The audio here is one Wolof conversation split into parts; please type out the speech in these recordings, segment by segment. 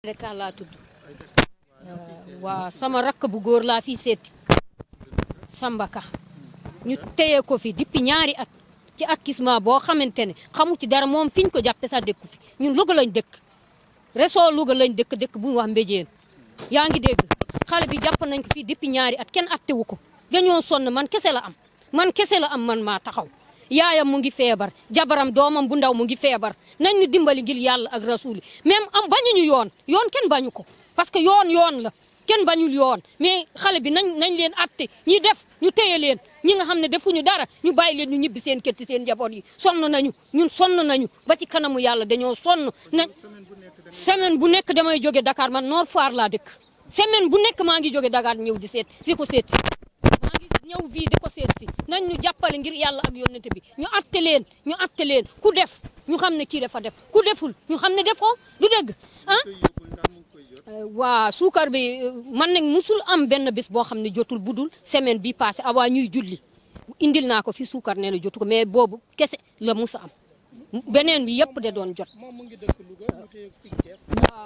Dakar laa tudd waaw sama rakk bu góor laa fi seeti Samba Ka ñu téye ko fi depuis ñaari at ci accusement boo xamante ne xamu ci dara moom fiñ ko jàppe sa dëkku fi ñu Louga lañ dëkk reso Louga lañ dëkk dëkk bu mu wax yaa ngi dégg xale bi jàpp nañ ko fii depuis ñaari at kenn attewu ko dañoo sonn man kese la am man kese la am man maa taxaw yaayam mu ngi feebar jabaram doomam bu ndaw mu ngi feebar nañ ñu dimbali ngir yàlla ak rasuli même am bañu ñu yoon yoon kenn bañu ko parce que yoon yoon la kenn bañul yoon mais xale bi nañ nañ leen atte ñi def ñu téye leen ñi nga xam ne defuñu dara ñu bàyyi leen ñu ñibbi seen kër ci seen njaboot yi sonn nañu ñun sonn nañu ba ci kanamu yàlla dañoo sonn nañ semaine bu nekk damay jóge dakaar man Nord Foire laa dëkk semaine bu nekk maa ngi jóge Dakar ñëw di seet si ko seet nañ ñu jàppale ngir yàlla ak yónnent bi ñu atte leen ñu atte leen ku def ñu xam ne kii dafa def ku deful ñu xam ne defoo du dégg ah waa suukar bi man nag musul am benn bés boo xam ne jotul budul semaine bi passé avant ñuy julli indil naa ko fi suukar ne ne jotu ko mais boobu kese la musa am beneen bi yëpp de doon jot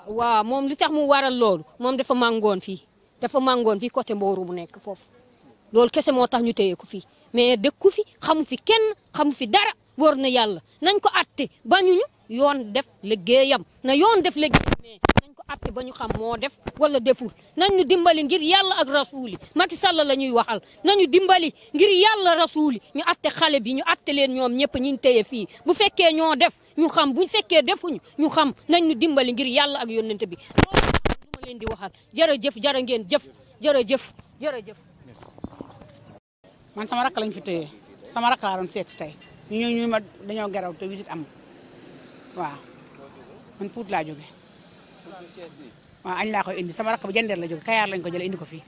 waaw moom li tax mu waral loolu moom dafa màngoon fii dafa mangoon fii côté Mbooru bu nekk foofu loolu kese moo tax ñu téye ko fii mais ku fi xamu fi kenn xamu fi dara wóor na yàlla nañ ko atte bañuñu yoon def liggéeyam na yoon def liggéeyam nañ ko atte ba ñu xam moo def wala deful nañ ñu dimbali ngir yàlla ak rasuuli Macky Sall la ñuy waxal nañu dimbali ngir yàlla rasuuli ñu atte xale bi ñu atte leen ñoom ñëpp ñu téye fii bu fekkee ñoo def ñu xam bu fekkee defuñu ñu xam nañ ñu dimbali ngir yàlla ak yónnente bi loolu lu ma leen di waxal jërëjëf jërë ngeen jëf jërëjëf jërëjëf man sama rakk lañ fi téye sama rakk laa doon seet si tey ñu ñëw ñu ma dañoo geraw te visite am waaw man Pout laa jóge waaw añ laa koy indi sama rakk bu jëndeer la jóge Kayaar lañ ko jële indi ko fii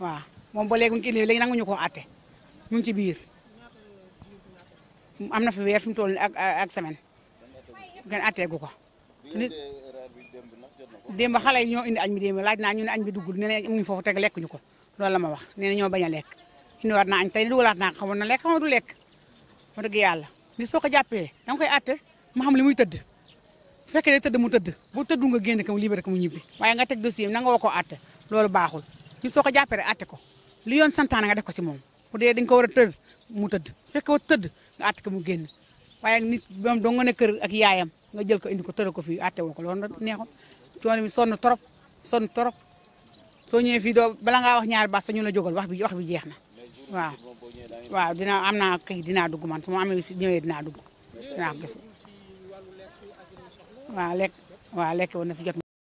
waaw moom ba léegi mu ngi indi léegi nanguñu koo àtte mu ngi ci biir am na fi weer fi mu toll ak ak semaine kenn àtteegu ko démb xale yi ñoo indi añ bi démb laaj naa ñu ne añ bi duggul nee nañ amuñu foofu teg lekkuñu ko loolu la ma wax nee na ñoo bañ a lekk indiwaat naa añ tey dugalaat naa ko xamoon na lekk xamoon du lekk ma dëgg yàlla ni soo ko jàppee da nga koy àtte ma xam li muy tëdd bu fekkee day tëdd mu tëdd bu tëddu nga génn ko mu ko mu ñibbi waaye nga teg dossier na nga woo koo àtte loolu baaxul ni soo ko jàppee rek ko li yoon santaane nga def ko si moom bu dee dañ ko war a tëdd mu tëdd su tëdd nga àtte mu génn waaye nit moom doo ne kër ak yaayam nga jël ko indi ko tëral ko fii àtte woo ko loolu nag neexoon coono mi sonn trop sonn trop soo ñëwee fii doo bala ngaa wax ñaari bas ñu la jógal wax bi wax bi jeex na waaw waaw dina am naa kii dinaa dugg man su ma amee si ñëwee dinaa dugg dinaa ko gis waaw lekk waaw lekk woon na si jot